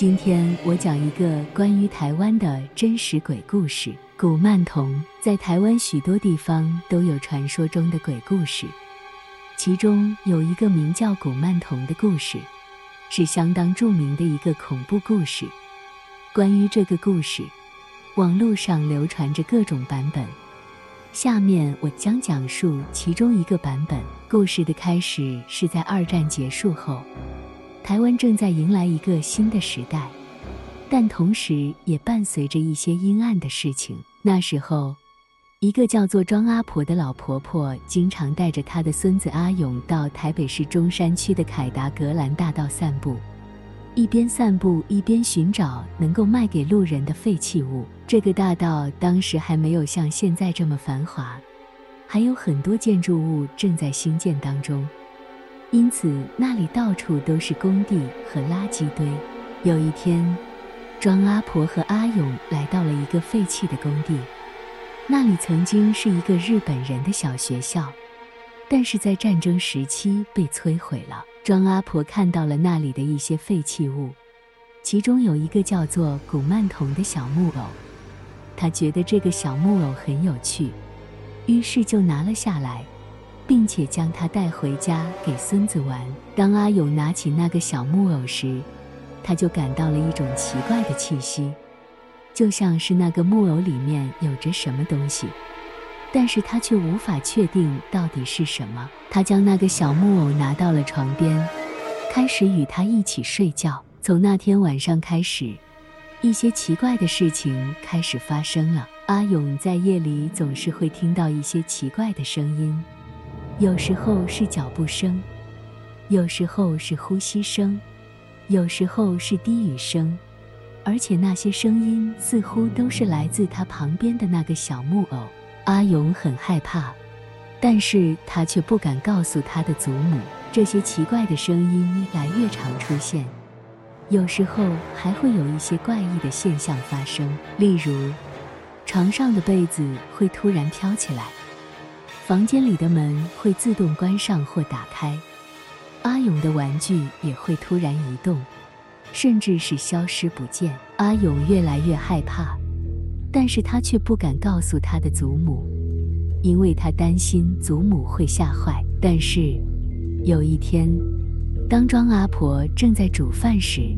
今天我講一個關於台灣的真實鬼故事——古曼童。在台灣許多地方都有傳說中的鬼故事，其中有一個名叫古曼童的故事，是相當著名的一個恐怖故事。關於這個故事，網絡上流傳着各種版本。下面我將講述其中一個版本。故事的開始是在二戰結束後。台灣正在迎來一個新的時代，但同時也伴隨着一些陰暗的事情。那時候，一個叫做莊阿婆的老婆婆，經常帶着她的孫子阿勇到台北市中山區的凱達格蘭大道散步，一邊散步一邊尋找能夠賣給路人的廢棄物。這個大道當時還沒有像現在這麼繁華，還有很多建築物正在興建當中。因此，那裡到處都是工地和垃圾堆。有一天，莊阿婆和阿勇來到了一個廢棄的工地，那裡曾經是一個日本人的小學校，但是在戰爭時期被摧毀了。莊阿婆看到了那裡的一些廢棄物，其中有一個叫做古曼童的小木偶，她覺得這個小木偶很有趣，於是就拿了下來。並且將他帶回家給孫子玩。當阿勇拿起那個小木偶時，他就感到了一種奇怪的氣息，就像是那個木偶裡面有着什麼東西，但是他卻無法確定到底是什麼。他將那個小木偶拿到了床邊，開始與他一起睡覺。從那天晚上開始，一些奇怪的事情開始發生了。阿勇在夜裡總是會聽到一些奇怪的聲音。有時候是腳步聲，有時候是呼吸聲，有時候是低語聲，而且那些聲音似乎都是來自他旁邊的那個小木偶。阿勇很害怕，但是他卻不敢告訴他的祖母。這些奇怪的聲音越來越常出現，有時候還會有一些怪異的現象發生，例如床上的被子會突然飄起來。房間裡的門會自動關上或打開，阿勇的玩具也會突然移動，甚至是消失不見。阿勇越來越害怕，但是他卻不敢告訴他的祖母，因為他擔心祖母會嚇壞。但是，有一天，當莊阿婆正在煮飯時，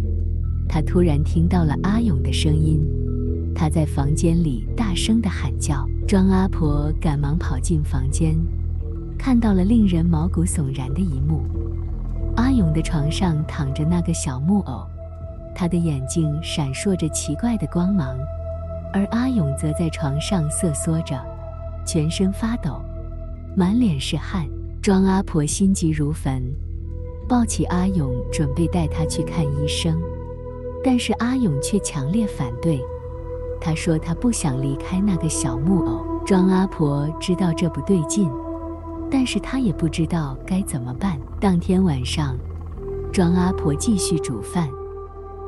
她突然聽到了阿勇的聲音，他在房間裡大聲地喊叫。莊阿婆趕忙跑進房間，看到了令人毛骨悚然的一幕：阿勇的床上躺着那個小木偶，他的眼睛閃爍着奇怪的光芒，而阿勇則在床上瑟縮着，全身發抖，滿臉是汗。莊阿婆心急如焚，抱起阿勇準備帶他去看醫生，但是阿勇卻強烈反對。他說：“他不想離開那個小木偶。”莊阿婆知道這不對勁，但是她也不知道該怎麼辦。當天晚上，莊阿婆繼續煮飯，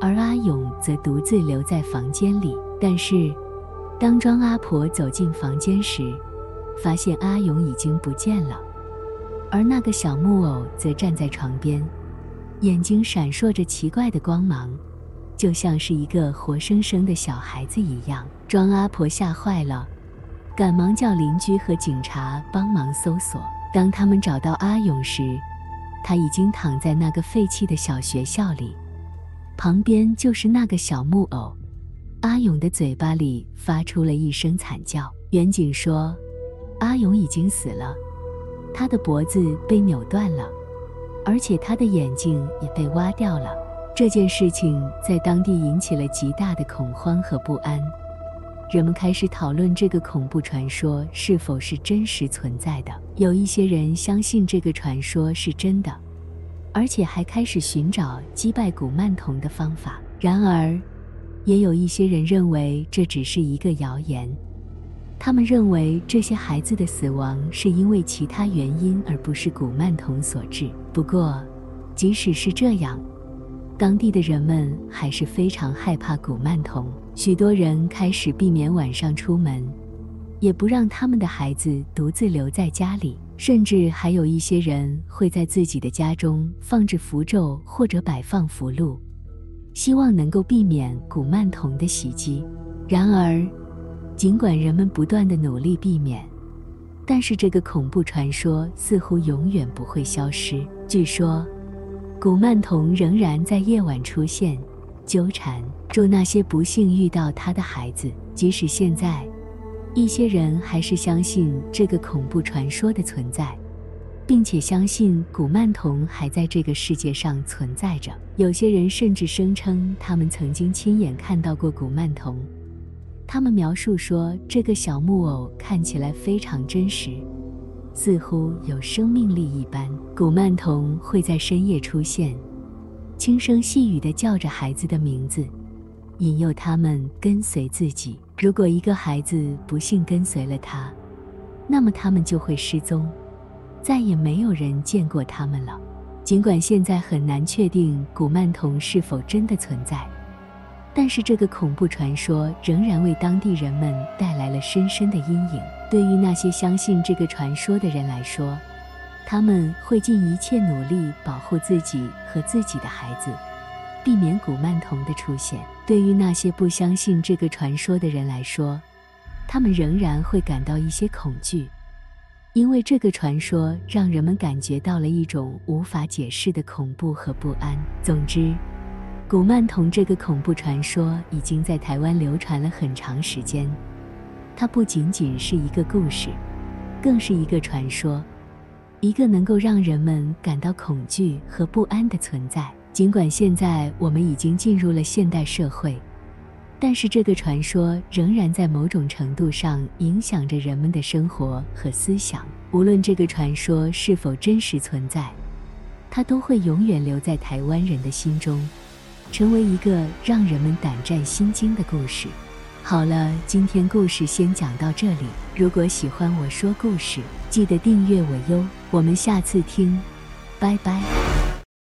而阿勇則獨自留在房間裡。但是，當莊阿婆走進房間時，發現阿勇已經不見了，而那個小木偶則站在床邊，眼睛閃爍着奇怪的光芒。就像是一個活生生的小孩子一樣，莊阿婆嚇壞了，趕忙叫鄰居和警察幫忙搜索。當他們找到阿勇時，他已經躺在那個廢棄的小學校裡，旁邊就是那個小木偶。阿勇的嘴巴裡發出了一聲慘叫。員警說，阿勇已經死了，他的脖子被扭斷了，而且他的眼睛也被挖掉了。這件事情在當地引起了極大的恐慌和不安，人們開始討論這個恐怖傳說是否是真實存在的。有一些人相信這個傳說是真的，而且還開始尋找擊敗古曼童的方法。然而，也有一些人認為這只是一個謠言，他們認為這些孩子的死亡是因為其他原因，而不是古曼童所致。不過，即使是這樣。當地的人們還是非常害怕古曼童，許多人開始避免晚上出門，也不讓他們的孩子獨自留在家裡，甚至還有一些人會在自己的家中放置符咒或者擺放符籙，希望能夠避免古曼童的襲擊。然而，儘管人們不斷的努力避免，但是這個恐怖傳說似乎永遠不會消失。據說。古曼童仍然在夜晚出現，糾纏住那些不幸遇到他的孩子。即使現在，一些人還是相信這個恐怖傳說的存在，並且相信古曼童還在這個世界上存在着。有些人甚至聲稱他們曾經親眼看到過古曼童，他們描述說，這個小木偶看起來非常真實。似乎有生命力一般，古曼童會在深夜出現，輕聲細語地叫着孩子的名字，引誘他們跟隨自己。如果一個孩子不幸跟隨了他，那麼他們就會失蹤，再也沒有人見過他們了。儘管現在很難確定古曼童是否真的存在，但是這個恐怖傳說仍然為當地人們帶來了深深的陰影。對於那些相信這個傳說的人來說，他們會盡一切努力保護自己和自己的孩子，避免古曼童的出現。對於那些不相信這個傳說的人來說，他們仍然會感到一些恐懼，因為這個傳說讓人們感覺到了一種無法解釋的恐怖和不安。總之，古曼童這個恐怖傳說已經在台灣流傳了很長時間。它不僅僅是一個故事，更是一個傳說，一個能夠讓人們感到恐懼和不安的存在。盡管現在我們已經進入了現代社會，但是這個傳說仍然在某種程度上影響着人們的生活和思想。無論這個傳說是否真實存在，它都會永遠留在台灣人的心中，成為一個讓人們膽戰心驚的故事。好了，今天故事先講到這裡。如果喜歡我說故事，記得訂閱我喲。我們下次聽，拜拜。